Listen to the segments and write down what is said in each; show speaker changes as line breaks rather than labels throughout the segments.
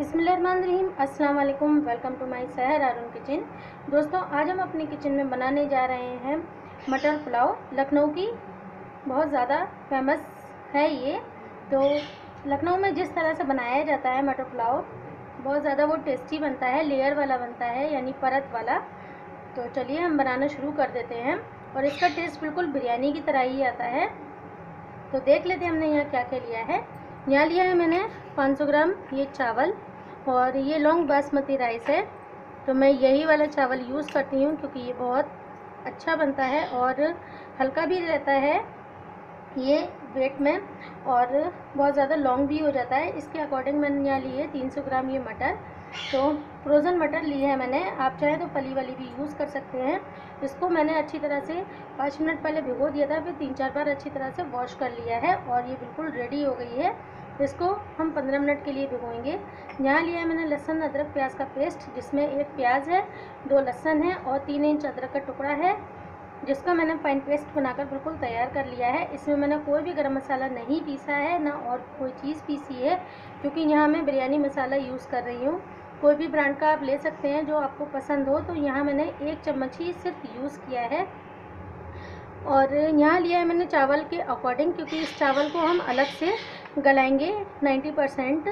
बिसमीम अस्सलाम welcome to my Sahar Aarun kitchen दोस्तों आज हम अपने किचन में बनाने जा रहे हैं मटर पुलाव लखनऊ की बहुत ज़्यादा फेमस है ये तो लखनऊ में जिस तरह से बनाया जाता है मटर पुलाव बहुत ज़्यादा वो टेस्टी बनता है लेयर वाला बनता है यानी परत वाला तो चलिए हम बनाना शुरू कर देते हैं और इसका टेस्ट बिल्कुल बिरयानी की तरह ही आता है तो देख लेते हैं हमने यहाँ क्या क्या लिया है यहाँ लिया है मैंने 500 ग्राम ये चावल और ये लॉन्ग बासमती राइस है तो मैं यही वाला चावल यूज़ करती हूँ क्योंकि ये बहुत अच्छा बनता है और हल्का भी रहता है ये वेट में और बहुत ज़्यादा लॉन्ग भी हो जाता है इसके अकॉर्डिंग मैंने यहाँ लिए सौ ग्राम ये मटर तो फ्रोज़न मटर ली है मैंने आप चाहे तो फली वाली भी यूज़ कर सकते हैं इसको मैंने अच्छी तरह से पाँच मिनट पहले भिगो दिया था फिर तीन चार बार अच्छी तरह से वॉश कर लिया है और ये बिल्कुल रेडी हो गई है इसको हम पंद्रह मिनट के लिए भिगोएंगे यहाँ लिया है मैंने लहसुन अदरक प्याज का पेस्ट जिसमें एक प्याज है दो लहसुन है और तीन इंच अदरक का टुकड़ा है जिसका मैंने फाइन पेस्ट बनाकर बिल्कुल तैयार कर लिया है इसमें मैंने कोई भी गरम मसाला नहीं पीसा है ना और कोई चीज़ पीसी है क्योंकि यहाँ मैं बिरयानी मसाला यूज़ कर रही हूँ कोई भी ब्रांड का आप ले सकते हैं जो आपको पसंद हो तो यहाँ मैंने एक चम्मच ही सिर्फ यूज़ किया है और यहाँ लिया है मैंने चावल के अकॉर्डिंग क्योंकि इस चावल को हम अलग से गलाएंगे 90 परसेंट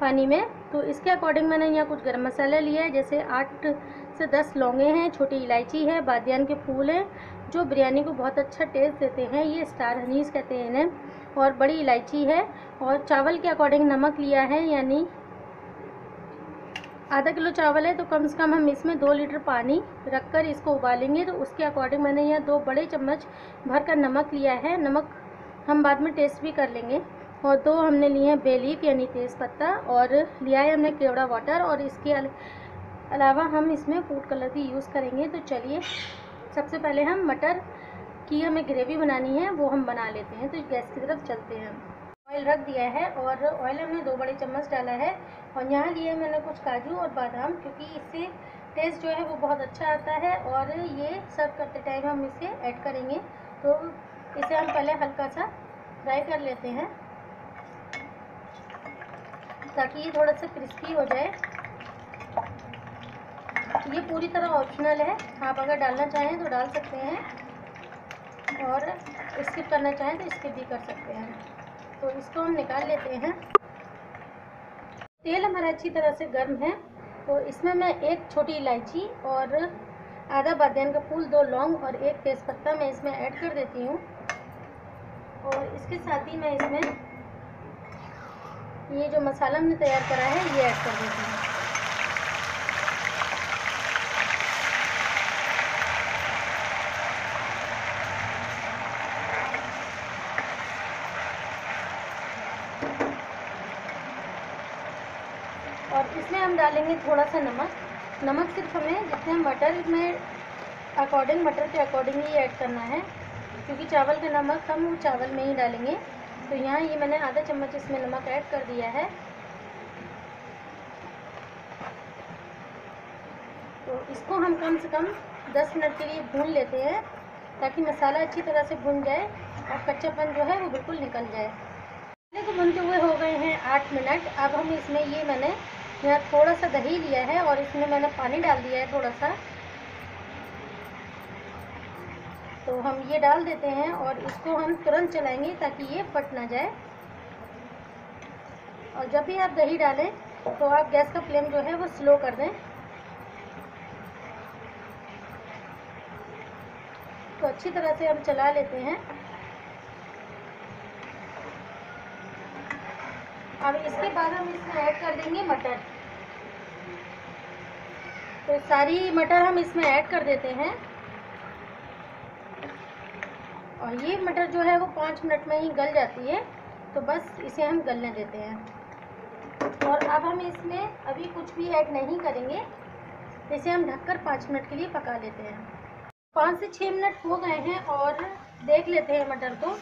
पानी में तो इसके अकॉर्डिंग मैंने यहाँ कुछ गर्म मसाला लिया है जैसे आठ से दस लौंगे हैं छोटी इलायची है बादियान के फूल हैं जो बिरयानी को बहुत अच्छा टेस्ट देते हैं ये स्टार हनीस कहते हैं इन्हें और बड़ी इलायची है और चावल के अकॉर्डिंग नमक लिया है यानी आधा किलो चावल है तो कम से कम हम इसमें दो लीटर पानी रखकर इसको उबालेंगे तो उसके अकॉर्डिंग मैंने यह दो बड़े चम्मच भर का नमक लिया है नमक हम बाद में टेस्ट भी कर लेंगे और दो हमने लिए हैं बेलीफ यानी तेज़पत्ता और लिया है हमने केवड़ा वाटर और इसके अलावा हम इसमें फूड कलर भी यूज़ करेंगे तो चलिए सबसे पहले हम मटर की हमें ग्रेवी बनानी है वो हम बना लेते हैं तो गैस की तरफ चलते हैं ऑयल रख दिया है और ऑयल हमने दो बड़े चम्मच डाला है और यहाँ लिया मैंने कुछ काजू और बादाम क्योंकि इससे टेस्ट जो है वो बहुत अच्छा आता है और ये सर्व करते टाइम हम इसे ऐड करेंगे तो इसे हम पहले हल्का सा फ्राई कर लेते हैं ताकि ये थोड़ा सा क्रिस्पी हो जाए ये पूरी तरह ऑप्शनल है आप अगर डालना चाहें तो डाल सकते हैं और स्किप करना चाहें तो स्किप भी कर सकते हैं तो इसको हम निकाल लेते हैं तेल हमारा अच्छी तरह से गर्म है तो इसमें मैं एक छोटी इलायची और आधा बादन का फूल दो लौंग और एक तेज़पत्ता मैं इसमें ऐड कर देती हूँ और इसके साथ ही मैं इसमें ये जो मसाला हमने तैयार करा है ये ऐड कर देती हूँ डालेंगे थोड़ा सा नमक नमक सिर्फ हमें जितने मटर में अकॉर्डिंग मटर के अकॉर्डिंग ही ऐड करना है क्योंकि चावल का नमक हम चावल में ही डालेंगे तो यहाँ ये मैंने आधा चम्मच इसमें नमक ऐड कर दिया है तो इसको हम कम से कम 10 मिनट के लिए भून लेते हैं ताकि मसाला अच्छी तरह से भून जाए और कच्चापन जो है वो बिल्कुल निकल जाए मसाले को तो भूनते हुए हो गए हैं 8 मिनट अब हम इसमें ये मैंने यहाँ थोड़ा सा दही लिया है और इसमें मैंने पानी डाल दिया है थोड़ा सा तो हम ये डाल देते हैं और इसको हम तुरंत चलाएंगे ताकि ये फट ना जाए और जब भी आप दही डालें तो आप गैस का फ्लेम जो है वो स्लो कर दें तो अच्छी तरह से हम चला लेते हैं अब इसके बाद हम इसमें ऐड कर देंगे मटर तो सारी मटर हम इसमें ऐड कर देते हैं और ये मटर जो है वो पाँच मिनट में ही गल जाती है तो बस इसे हम गलने देते हैं और अब हम इसमें अभी कुछ भी ऐड नहीं करेंगे इसे हम ढककर पाँच मिनट के लिए पका लेते हैं पाँच से छः मिनट हो गए हैं और देख लेते हैं मटर को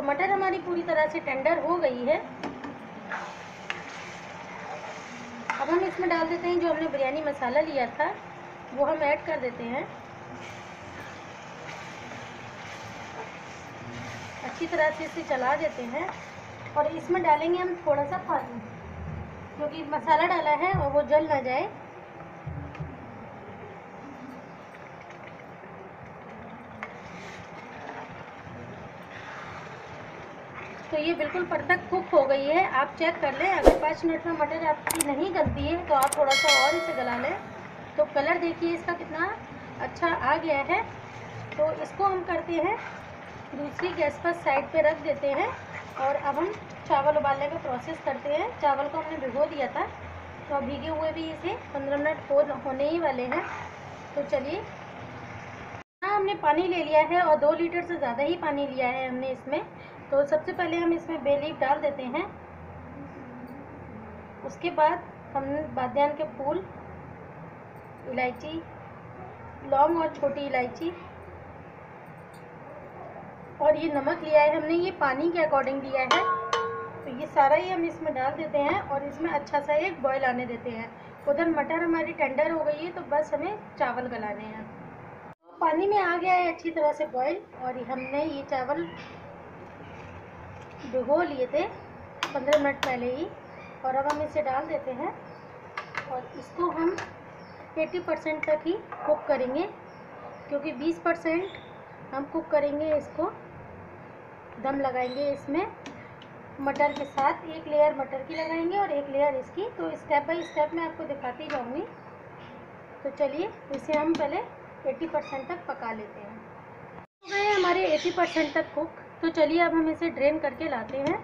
तो मटर हमारी पूरी तरह से टेंडर हो गई है अब हम इसमें डाल देते हैं जो हमने बिरयानी मसाला लिया था वो हम ऐड कर देते हैं अच्छी तरह से इसे चला देते हैं और इसमें डालेंगे हम थोड़ा सा पानी क्योंकि मसाला डाला है और वो जल ना जाए तो ये बिल्कुल परफेक्ट कुक हो गई है आप चेक कर लें अगर पाँच मिनट में मटर आपकी नहीं गलती है तो आप थोड़ा सा और इसे गला लें तो कलर देखिए इसका कितना अच्छा आ गया है तो इसको हम करते हैं दूसरी गैस पर साइड पे रख देते हैं और अब हम चावल उबालने का प्रोसेस करते हैं चावल को हमने भिगो दिया था तो अब भीगे हुए भी इसे पंद्रह मिनट हो होने ही वाले हैं तो चलिए हाँ हमने पानी ले लिया है और दो लीटर से ज़्यादा ही पानी लिया है हमने इसमें तो सबसे पहले हम इसमें बेलीफ डाल देते हैं उसके बाद हम बाद्यान के फूल इलायची लौंग और छोटी इलायची और ये नमक लिया है हमने ये पानी के अकॉर्डिंग लिया है तो ये सारा ही हम इसमें डाल देते हैं और इसमें अच्छा सा एक बॉयल आने देते हैं उधर मटर हमारी टेंडर हो गई है तो बस हमें चावल गलाने हैं पानी में आ गया है अच्छी तरह से बॉयल और हमने ये चावल भिगो लिए थे पंद्रह मिनट पहले ही और अब हम इसे डाल देते हैं और इसको हम 80 परसेंट तक ही कुक करेंगे क्योंकि 20 परसेंट हम कुक करेंगे इसको दम लगाएंगे इसमें मटर के साथ एक लेयर मटर की लगाएंगे और एक लेयर इसकी तो स्टेप बाय स्टेप मैं आपको दिखाती जाऊंगी तो चलिए इसे हम पहले 80 परसेंट तक पका लेते हैं तो हमारे 80 परसेंट तक कुक तो चलिए अब हम इसे ड्रेन करके लाते हैं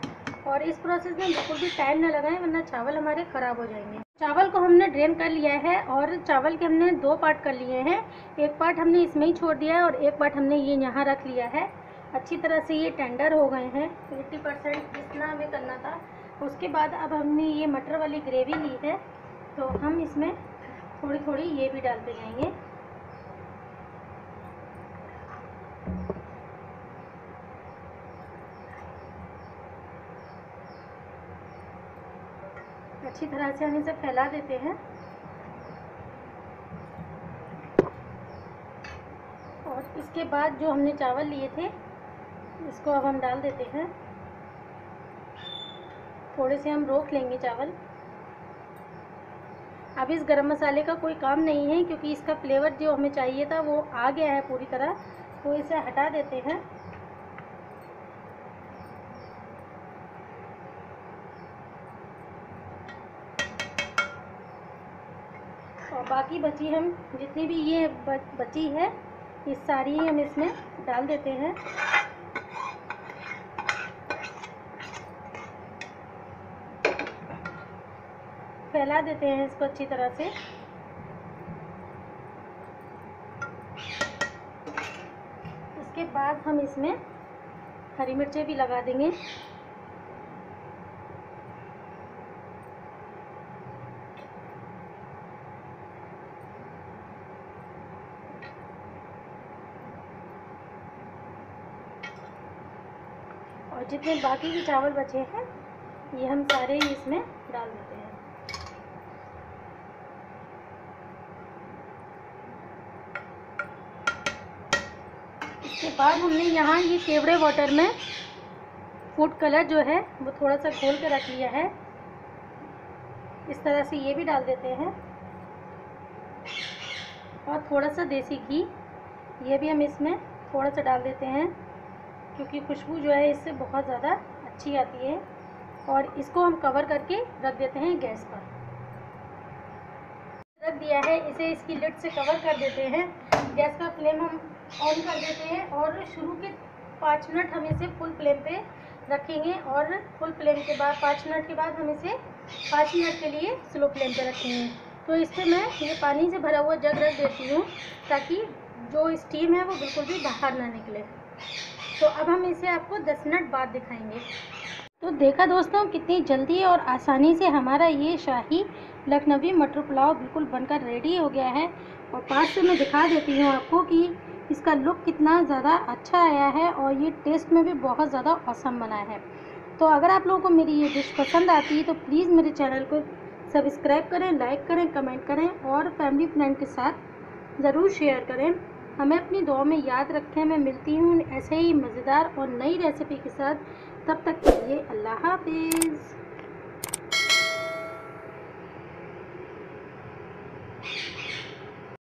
और इस प्रोसेस में बिल्कुल भी टाइम ना लगाएं वरना चावल हमारे ख़राब हो जाएंगे चावल को हमने ड्रेन कर लिया है और चावल के हमने दो पार्ट कर लिए हैं एक पार्ट हमने इसमें ही छोड़ दिया है और एक पार्ट हमने ये यहाँ रख लिया है अच्छी तरह से ये टेंडर हो गए हैं एट्टी परसेंट जितना हमें करना था उसके बाद अब हमने ये मटर वाली ग्रेवी ली है तो हम इसमें थोड़ी थोड़ी ये भी डालते जाएंगे अच्छी तरह से हम इसे फैला देते हैं और इसके बाद जो हमने चावल लिए थे इसको अब हम डाल देते हैं थोड़े से हम रोक लेंगे चावल अब इस गरम मसाले का कोई काम नहीं है क्योंकि इसका फ्लेवर जो हमें चाहिए था वो आ गया है पूरी तरह तो इसे हटा देते हैं बाकी बची हम जितनी भी ये बची है ये सारी हम इसमें डाल देते हैं फैला देते हैं इसको अच्छी तरह से इसके बाद हम इसमें हरी मिर्चें भी लगा देंगे और जितने बाकी के चावल बचे हैं ये हम सारे ही इसमें डाल देते हैं इसके बाद हमने यहाँ ये केवड़े वाटर में फूड कलर जो है वो थोड़ा सा खोल कर रख लिया है इस तरह से ये भी डाल देते हैं और थोड़ा सा देसी घी ये भी हम इसमें थोड़ा सा डाल देते हैं क्योंकि खुशबू जो है इससे बहुत ज़्यादा अच्छी आती है और इसको हम कवर करके रख देते हैं गैस पर रख दिया है इसे इसकी लिट से कवर कर देते हैं गैस का फ्लेम हम ऑन कर देते हैं और शुरू के पाँच मिनट हम इसे फुल फ्लेम पे रखेंगे और फुल फ्लेम के बाद पाँच मिनट के बाद हम इसे पाँच मिनट के लिए स्लो फ्लेम पे रखेंगे तो इससे मैं ये पानी से भरा हुआ जग रख देती हूँ ताकि जो स्टीम है वो बिल्कुल भी बाहर ना निकले तो अब हम इसे आपको 10 मिनट बाद दिखाएंगे तो देखा दोस्तों कितनी जल्दी और आसानी से हमारा ये शाही लखनवी मटर पुलाव बिल्कुल बनकर रेडी हो गया है और पास से मैं दिखा देती हूँ आपको कि इसका लुक कितना ज़्यादा अच्छा आया है और ये टेस्ट में भी बहुत ज़्यादा औसम बना है तो अगर आप लोगों को मेरी ये डिश पसंद आती है तो प्लीज़ मेरे चैनल को सब्सक्राइब करें लाइक करें कमेंट करें और फैमिली फ्रेंड के साथ ज़रूर शेयर करें हमें अपनी दुआ में याद रखें मैं मिलती हूँ ऐसे ही मज़ेदार और नई रेसिपी के साथ तब तक के लिए अल्लाह हाफिज़